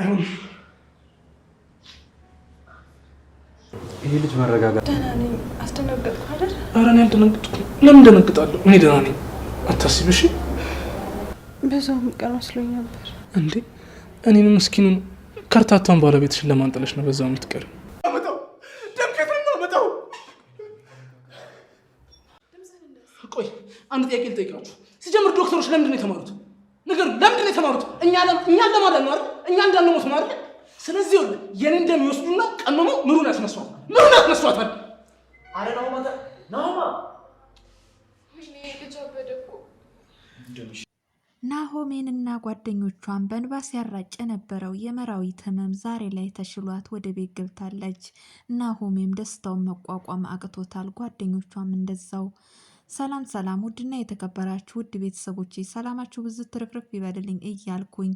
አይሆንም። ይሄ ልጅ መረጋጋት። ደህና ነኝ። አይደል? ኧረ እኔ ለምን ደነግጣለሁ? እኔ ደህና ነኝ። አታስቢ እሺ። መስሎኝ ነበር። እንዴ እኔን ምስኪኑን ከርታታውን ባለቤትሽን ለማንጠለሽ ነው በዛው የምትቀር አንድ ጥያቄ ልጠይቃችሁ። ሲጀምር ዶክተሮች ለምንድን ነው የተማሩት? ነገር ለምንድን ነው የተማሩት? እኛ ለማዳን ነው አይደል? እኛ እንዳንሞት ነው አይደል? ስለዚህ ይኸውልህ የኔን ደም ይወስዱና ቀምመው ምሩን ያስነሷት። ምሩን ያስነሷታል። አረ ናሁማ ናሁማ ናሆሜንና ጓደኞቿን በእንባ ሲያራጭ የነበረው የመራዊት ህመም ዛሬ ላይ ተሽሏት ወደ ቤት ገብታለች። ናሆሜም ደስታውን መቋቋም አቅቶታል፣ ጓደኞቿም እንደዛው። ሰላም ሰላም ውድና የተከበራችሁ ውድ ቤተሰቦች ሰላማችሁ ብዙ ትርፍርፍ ይበልልኝ እያልኩኝ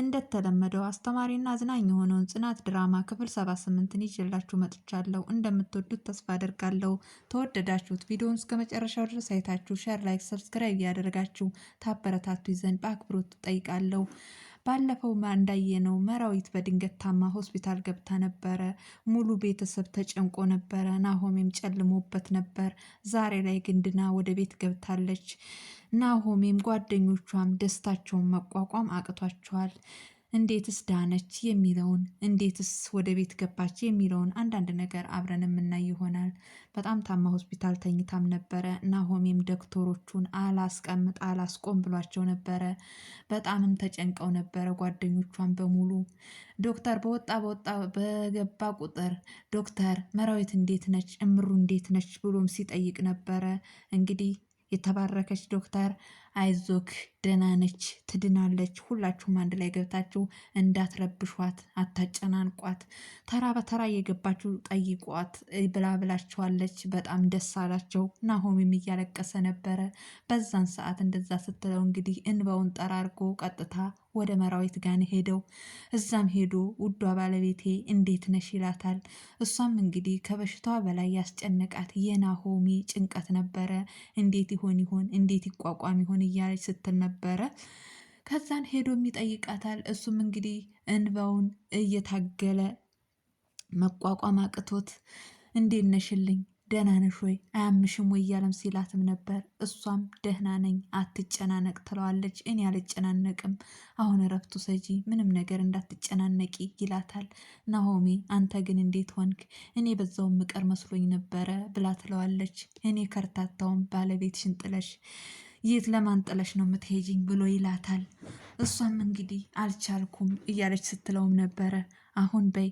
እንደተለመደው አስተማሪና አዝናኝ የሆነውን ጽናት ድራማ ክፍል 78ን ይዤላችሁ መጥቻለሁ። እንደምትወዱት ተስፋ አደርጋለሁ። ተወደዳችሁት ቪዲዮውን እስከ መጨረሻው ድረስ አይታችሁ ሸር፣ ላይክ፣ ሰብስክራይብ እያደረጋችሁ ታበረታቱ ዘንድ በአክብሮት ትጠይቃለሁ። ባለፈው እንዳየነው መራዊት በድንገት ታማ ሆስፒታል ገብታ ነበረ። ሙሉ ቤተሰብ ተጨንቆ ነበረ። ናሆሜም ጨልሞበት ነበር። ዛሬ ላይ ግንድና ወደ ቤት ገብታለች። ናሆሜም ጓደኞቿም ደስታቸውን መቋቋም አቅቷቸዋል። እንዴትስ ዳነች የሚለውን እንዴትስ ወደ ቤት ገባች የሚለውን አንዳንድ ነገር አብረን የምናይ ይሆናል። በጣም ታማ ሆስፒታል ተኝታም ነበረ። ናሆሜም ዶክተሮቹን አላስቀምጥ አላስቆም ብሏቸው ነበረ። በጣምም ተጨንቀው ነበረ ጓደኞቿን በሙሉ። ዶክተር በወጣ በወጣ በገባ ቁጥር ዶክተር መራዊት እንዴት ነች፣ እምሩ እንዴት ነች ብሎም ሲጠይቅ ነበረ። እንግዲህ የተባረከች ዶክተር አይዞክ ደህና ነች ትድናለች፣ ሁላችሁም አንድ ላይ ገብታችሁ እንዳትረብሿት፣ አታጨናንቋት፣ ተራ በተራ እየገባችሁ ጠይቋት ብላ ብላችኋለች። በጣም ደስ አላቸው። ናሆሚም እያለቀሰ ነበረ በዛን ሰዓት እንደዛ ስትለው እንግዲህ እንበውን ጠራርጎ ቀጥታ ወደ መራዊት ጋን ሄደው እዛም ሄዶ ውዷ ባለቤቴ እንዴት ነሽ ይላታል። እሷም እንግዲህ ከበሽታዋ በላይ ያስጨነቃት የናሆሚ ጭንቀት ነበረ። እንዴት ይሆን ይሆን እንዴት ይቋቋም ይሆን እያለች ስትል ነበረ። ከዛን ሄዶም ይጠይቃታል። እሱም እንግዲህ እንባውን እየታገለ መቋቋም አቅቶት እንዴት ነሽልኝ ደህና ነሽ ወይ አያምሽም ወይ እያለም ሲላትም ነበር። እሷም ደህና ነኝ አትጨናነቅ ትለዋለች። እኔ አልጨናነቅም አሁን እረፍቱ ሰጂ ምንም ነገር እንዳትጨናነቂ ይላታል። ናሆሜ አንተ ግን እንዴት ሆንክ? እኔ በዛው ምቀር መስሎኝ ነበረ ብላ ትለዋለች። እኔ ከርታታውም ባለቤትሽን ጥለሽ የት ለማንጠለሽ ነው የምትሄጂኝ ብሎ ይላታል። እሷም እንግዲህ አልቻልኩም እያለች ስትለውም ነበረ። አሁን በይ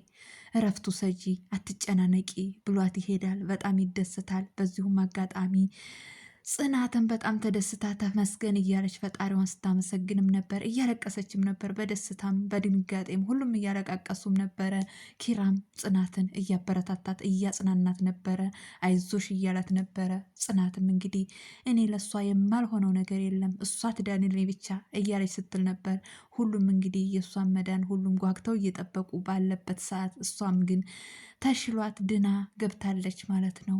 እረፍቱ ሰጂ አትጨናነቂ ብሏት ይሄዳል። በጣም ይደሰታል። በዚሁም አጋጣሚ ጽናትን በጣም ተደስታ ተመስገን እያለች ፈጣሪዋን ስታመሰግንም ነበር፣ እያለቀሰችም ነበር። በደስታም በድንጋጤም ሁሉም እያለቃቀሱም ነበረ። ኪራም ጽናትን እያበረታታት እያጽናናት ነበረ፣ አይዞሽ እያላት ነበረ። ጽናትም እንግዲህ እኔ ለእሷ የማልሆነው ነገር የለም እሷ ትዳንልኝ ብቻ እያለች ስትል ነበር። ሁሉም እንግዲህ የእሷን መዳን ሁሉም ጓግተው እየጠበቁ ባለበት ሰዓት እሷም ግን ተሽሏት ድና ገብታለች ማለት ነው።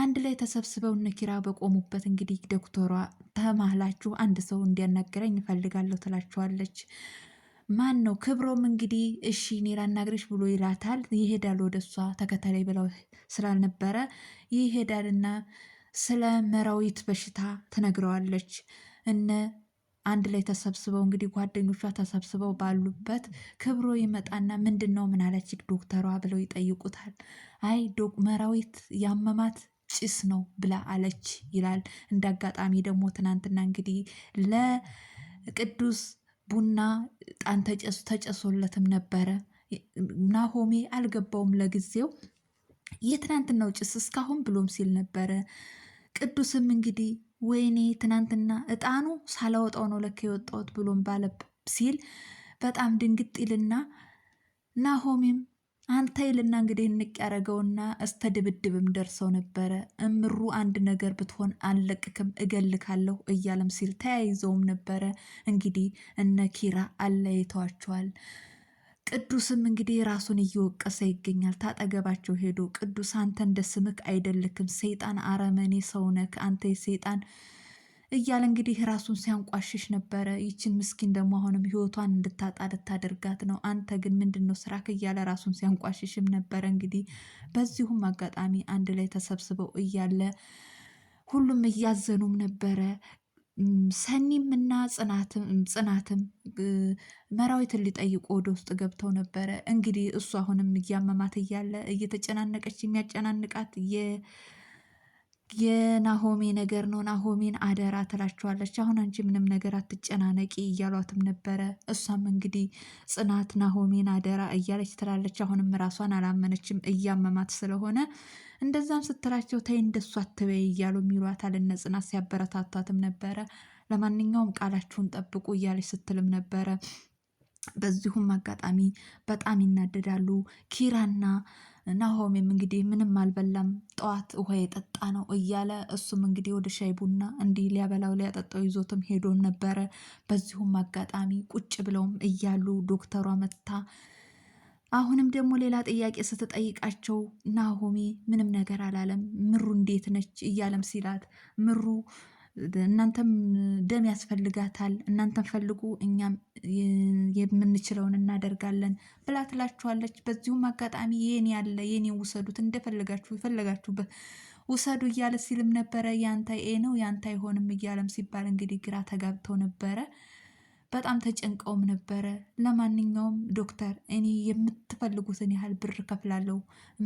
አንድ ላይ ተሰብስበው እነኪራ በቆሙበት እንግዲህ ዶክተሯ ተማላችሁ አንድ ሰው እንዲያናገረኝ እፈልጋለሁ ትላችኋለች። ማን ነው ክብሮም እንግዲህ እሺ እኔ ላናግርሽ ብሎ ይላታል። ይሄዳል ወደ እሷ ተከተለኝ ብለው ስላልነበረ ይሄዳልና ስለ መራዊት በሽታ ትነግረዋለች። እነ አንድ ላይ ተሰብስበው እንግዲህ ጓደኞቿ ተሰብስበው ባሉበት ክብሮ ይመጣና ምንድን ነው ምን አለች ዶክተሯ ብለው ይጠይቁታል። አይ ዶክ መራዊት ያመማት ጭስ ነው ብላ አለች ይላል። እንደ አጋጣሚ ደግሞ ትናንትና እንግዲህ ለቅዱስ ቡና ጣን ተጨሶለትም ነበረ። ናሆሜ አልገባውም ለጊዜው የትናንትናው ጭስ እስካሁን ብሎም ሲል ነበረ። ቅዱስም እንግዲህ ወይኔ ትናንትና እጣኑ ሳላወጣው ነው ለካ የወጣሁት ብሎም ባለ ሲል በጣም ድንግጥ ይልና ናሆሜም አንተ ይልና እንግዲህ እንቅ ያደረገውና እስተ ድብድብም ደርሰው ነበረ። እምሩ አንድ ነገር ብትሆን አልለቅክም እገልካለሁ እያለም ሲል ተያይዘውም ነበረ። እንግዲህ እነ ኪራ አለያይተዋቸዋል። ቅዱስም እንግዲህ ራሱን እየወቀሰ ይገኛል። ታጠገባቸው ሄዶ ቅዱስ አንተ እንደ ስምክ አይደልክም፣ ሰይጣን አረመኔ ሰውነክ አንተ የሰይጣን እያለ እንግዲህ ራሱን ሲያንቋሽሽ ነበረ። ይችን ምስኪን ደግሞ አሁንም ህይወቷን እንድታጣ ልታደርጋት ነው፣ አንተ ግን ምንድን ነው ስራክ? እያለ ራሱን ሲያንቋሽሽም ነበረ። እንግዲህ በዚሁም አጋጣሚ አንድ ላይ ተሰብስበው እያለ ሁሉም እያዘኑም ነበረ። ሰኒም እና ጽናትም መራዊትን ሊጠይቁ ወደ ውስጥ ገብተው ነበረ። እንግዲህ እሱ አሁንም እያመማት እያለ እየተጨናነቀች የሚያጨናንቃት የናሆሜ ነገር ነው። ናሆሜን አደራ ትላቸዋለች። አሁን አንቺ ምንም ነገር አትጨናነቂ እያሏትም ነበረ። እሷም እንግዲህ ጽናት ናሆሜን አደራ እያለች ትላለች። አሁንም ራሷን አላመነችም እያመማት ስለሆነ እንደዛም ስትላቸው ተይ እንደሱ አትበይ እያሉ የሚሏታል። እነ ጽናት ሲያበረታቷትም ነበረ። ለማንኛውም ቃላችሁን ጠብቁ እያለች ስትልም ነበረ። በዚሁም አጋጣሚ በጣም ይናደዳሉ ኪራና ናሆሜም እንግዲህ ምንም አልበላም፣ ጠዋት ውሃ የጠጣ ነው እያለ እሱም እንግዲህ ወደ ሻይ ቡና እንዲህ ሊያበላው ሊያጠጣው ይዞትም ሄዶም ነበረ። በዚሁም አጋጣሚ ቁጭ ብለውም እያሉ ዶክተሯ መታ አሁንም ደግሞ ሌላ ጥያቄ ስትጠይቃቸው ናሆሜ ምንም ነገር አላለም። ምሩ እንዴት ነች እያለም ሲላት ምሩ እናንተም ደም ያስፈልጋታል፣ እናንተም ፈልጉ፣ እኛም የምንችለውን እናደርጋለን ብላ ትላችኋለች። በዚሁም አጋጣሚ የኔ ያለ የኔ ውሰዱት፣ እንደፈለጋችሁ የፈለጋችሁበት ውሰዱ እያለ ሲልም ነበረ። ያንተ ኤ ነው ያንተ አይሆንም እያለም ሲባል እንግዲህ ግራ ተጋብተው ነበረ። በጣም ተጨንቀውም ነበረ። ለማንኛውም ዶክተር እኔ የምትፈልጉትን ያህል ብር ከፍላለሁ፣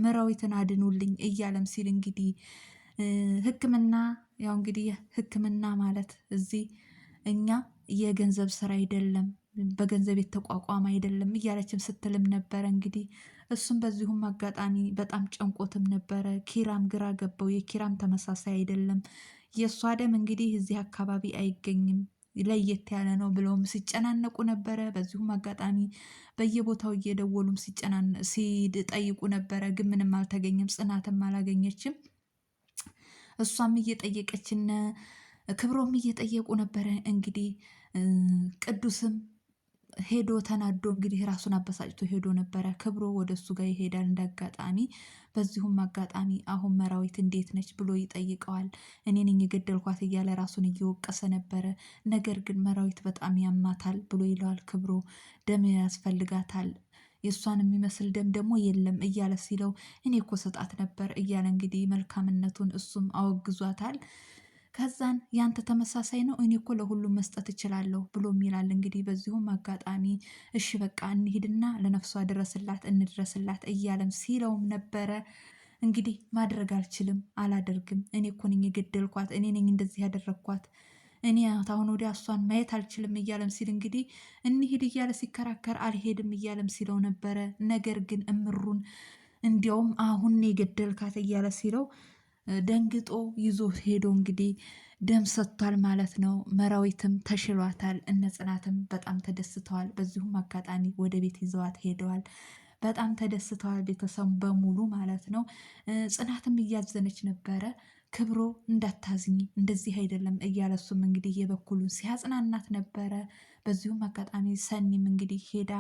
ምራዊትን አድኑልኝ እያለም ሲል እንግዲህ ህክምና ያው እንግዲህ ህክምና ማለት እዚህ እኛ የገንዘብ ስራ አይደለም በገንዘብ የተቋቋመ አይደለም እያለችም ስትልም ነበረ። እንግዲህ እሱም በዚሁም አጋጣሚ በጣም ጨንቆትም ነበረ። ኪራም ግራ ገባው። የኪራም ተመሳሳይ አይደለም። የእሷ ደም እንግዲህ እዚህ አካባቢ አይገኝም ለየት ያለ ነው ብለውም ሲጨናነቁ ነበረ። በዚሁም አጋጣሚ በየቦታው እየደወሉም ሲጠይቁ ነበረ። ግን ምንም አልተገኘም። ጽናትም አላገኘችም። እሷም እየጠየቀችነ ክብሮም እየጠየቁ ነበረ። እንግዲህ ቅዱስም ሄዶ ተናዶ እንግዲህ ራሱን አበሳጭቶ ሄዶ ነበረ። ክብሮ ወደ እሱ ጋር ይሄዳል እንደ አጋጣሚ። በዚሁም አጋጣሚ አሁን መራዊት እንዴት ነች ብሎ ይጠይቀዋል። እኔን ነኝ የገደልኳት እያለ ራሱን እየወቀሰ ነበረ። ነገር ግን መራዊት በጣም ያማታል ብሎ ይለዋል። ክብሮ ደም ያስፈልጋታል የእሷን የሚመስል ደም ደግሞ የለም እያለ ሲለው እኔ እኮ ስጣት ነበር እያለ እንግዲህ መልካምነቱን እሱም አወግዟታል። ከዛን ያንተ ተመሳሳይ ነው እኔ እኮ ለሁሉም መስጠት እችላለሁ ብሎም ይላል። እንግዲህ በዚሁም አጋጣሚ እሺ በቃ እንሂድና ለነፍሷ ድረስላት እንድረስላት እያለም ሲለውም ነበረ። እንግዲህ ማድረግ አልችልም፣ አላደርግም፣ እኔ እኮ ነኝ የገደልኳት፣ እኔ ነኝ እንደዚህ ያደረግኳት እኔ አሁን ወዲያ እሷን ማየት አልችልም እያለም ሲል እንግዲህ እንሂድ እያለ ሲከራከር አልሄድም እያለም ሲለው ነበረ። ነገር ግን እምሩን እንዲያውም አሁን የገደልካት እያለ ሲለው ደንግጦ ይዞ ሄዶ እንግዲህ ደም ሰጥቷል ማለት ነው። መራዊትም ተሽሏታል። እነ ጽናትም በጣም ተደስተዋል። በዚሁም አጋጣሚ ወደ ቤት ይዘዋት ሄደዋል። በጣም ተደስተዋል ቤተሰቡ በሙሉ ማለት ነው። ጽናትም እያዘነች ነበረ። ክብሮ እንዳታዝኝ እንደዚህ አይደለም እያለ እሱም እንግዲህ የበኩሉን ሲያጽናናት ነበረ። በዚሁም አጋጣሚ ሰኒም እንግዲህ ሄዳ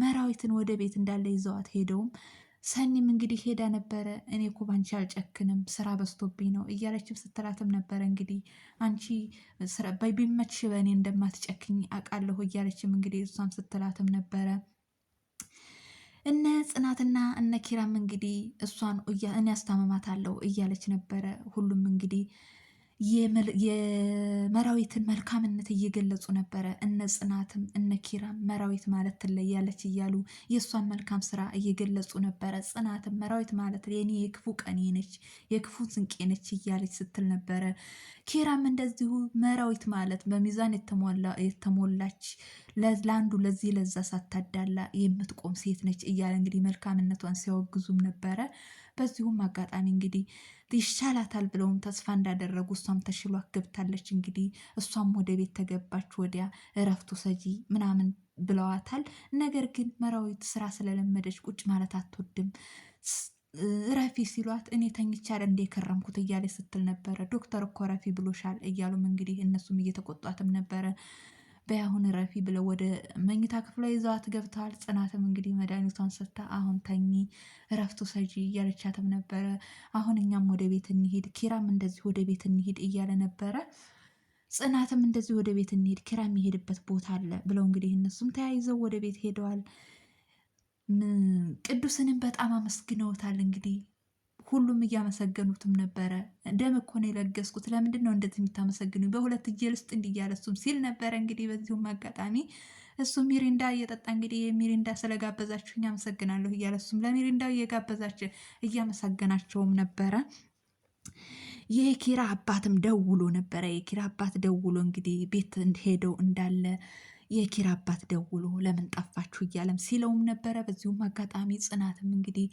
መራዊትን ወደ ቤት እንዳለ ይዘዋት ሄደውም ሰኒም እንግዲህ ሄዳ ነበረ። እኔ እኮ ባንቺ አልጨክንም ስራ በዝቶብኝ ነው እያለችም ስትላትም ነበረ። እንግዲህ አንቺ ቢመችሽ በእኔ እንደማትጨክኝ አውቃለሁ እያለችም እንግዲህ እሷም ስትላትም ነበረ። እነ ጽናትና እነ ኪራም እንግዲህ እሷን እኔ አስታመማታለሁ እያለች ነበረ። ሁሉም እንግዲህ የመራዊትን መልካምነት እየገለጹ ነበረ። እነ ጽናትም እነ ኪራም መራዊት ማለት ትለያለች እያሉ የእሷን መልካም ስራ እየገለጹ ነበረ። ጽናትም መራዊት ማለት የኔ የክፉ ቀኔ ነች፣ የክፉ ስንቄ ነች እያለች ስትል ነበረ። ኪራም እንደዚሁ መራዊት ማለት በሚዛን የተሞላች ለአንዱ ለዚህ ለዛ ሳታዳላ የምትቆም ሴት ነች እያለ እንግዲህ መልካምነቷን ሲያወግዙም ነበረ። በዚሁም አጋጣሚ እንግዲህ ይሻላታል ብለውም ተስፋ እንዳደረጉ እሷም ተሽሏት ገብታለች። እንግዲህ እሷም ወደ ቤት ተገባች። ወዲያ እረፍቱ ሰጂ ምናምን ብለዋታል። ነገር ግን መራዊት ስራ ስለለመደች ቁጭ ማለት አትወድም። ረፊ ሲሏት እኔ ተኝቻል እንደ የከረምኩት እያለ ስትል ነበረ። ዶክተር እኮ ረፊ ብሎሻል እያሉም እንግዲህ እነሱም እየተቆጧትም ነበረ። በያሁን ረፊ ብለው ወደ መኝታ ክፍለ ይዘዋት ገብተዋል። ጽናትም እንግዲህ መድኃኒቷን ሰታ አሁን ተኚ እረፍት ሰጂ እያለቻትም ነበረ። አሁን እኛም ወደ ቤት እንሂድ፣ ኪራም እንደዚህ ወደ ቤት እንሂድ እያለ ነበረ። ጽናትም እንደዚህ ወደ ቤት እንሄድ፣ ኪራ የሚሄድበት ቦታ አለ ብለው እንግዲህ እነሱም ተያይዘው ወደ ቤት ሄደዋል። ቅዱስንም በጣም አመስግነውታል እንግዲህ ሁሉም እያመሰገኑትም ነበረ። ደም እኮ ነው የለገስኩት፣ ለምንድን ነው እንደዚህ የምታመሰግኑ? በሁለት እጄ ውስጥ እንዲያለሱም ሲል ነበረ። እንግዲህ በዚሁም አጋጣሚ እሱ ሚሪንዳ እየጠጣ እንግዲህ የሚሪንዳ ስለጋበዛችሁ አመሰግናለሁ እያለሱም ለሚሪንዳው እየጋበዛች እያመሰገናቸውም ነበረ። የኪራ አባትም ደውሎ ነበረ። የኪራ አባት ደውሎ እንግዲህ ቤት ሄደው እንዳለ የኪራ አባት ደውሎ ለምን ጠፋችሁ እያለም ሲለውም ነበረ። በዚሁም አጋጣሚ ጽናትም እንግዲህ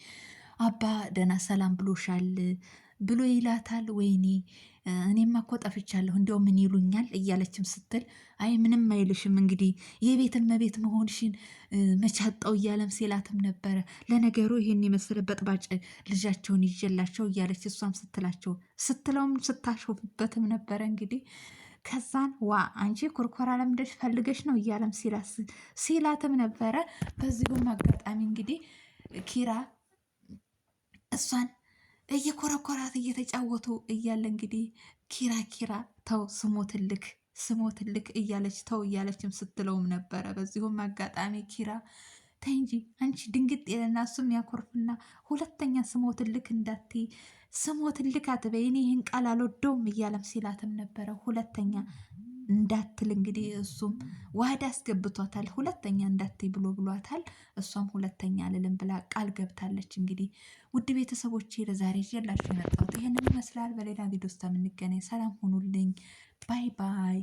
አባ ደህና ሰላም ብሎሻል ብሎ ይላታል። ወይኔ እኔማ እኮ ጠፍቻለሁ፣ እንዲያው ምን ይሉኛል እያለችም ስትል አይ ምንም አይልሽም እንግዲህ የቤትን መቤት መሆንሽን መቻጣው እያለም ሲላትም ነበረ። ለነገሩ ይህን የመሰለ በጥባጭ ልጃቸውን ይዤላቸው እያለች እሷም ስትላቸው ስትለውም ስታሾፍበትም ነበረ እንግዲህ ከዛን ዋ አንቺ ኩርኮራ ለምደሽ ፈልገሽ ነው እያለም ሲላትም ነበረ። በዚሁም አጋጣሚ እንግዲህ ኪራ እሷን እየኮረኮራት እየተጫወቱ እያለ እንግዲህ ኪራ ኪራ ተው ስሞ ትልክ ስሞ ትልክ እያለች ተው እያለችም ስትለውም ነበረ። በዚሁም አጋጣሚ ኪራ ተይ እንጂ አንቺ ድንግጥ የለና እሱም ያኮርፍና ሁለተኛ ስሞ ትልክ ስሞትልክ ስሞ ትልክ አትበይ እኔ ይህን ቃል አልወደውም እያለም ሲላትም ነበረ ሁለተኛ እንዳትል እንግዲህ እሱም ዋህድ አስገብቷታል። ሁለተኛ እንዳትይ ብሎ ብሏታል። እሷም ሁለተኛ አልልም ብላ ቃል ገብታለች። እንግዲህ ውድ ቤተሰቦቼ ለዛሬ ይዤላችሁ የመጣሁት ይህንን ይመስላል። በሌላ ቪዲዮ ውስጥ የምንገናኝ። ሰላም ሁኑልኝ። ባይ ባይ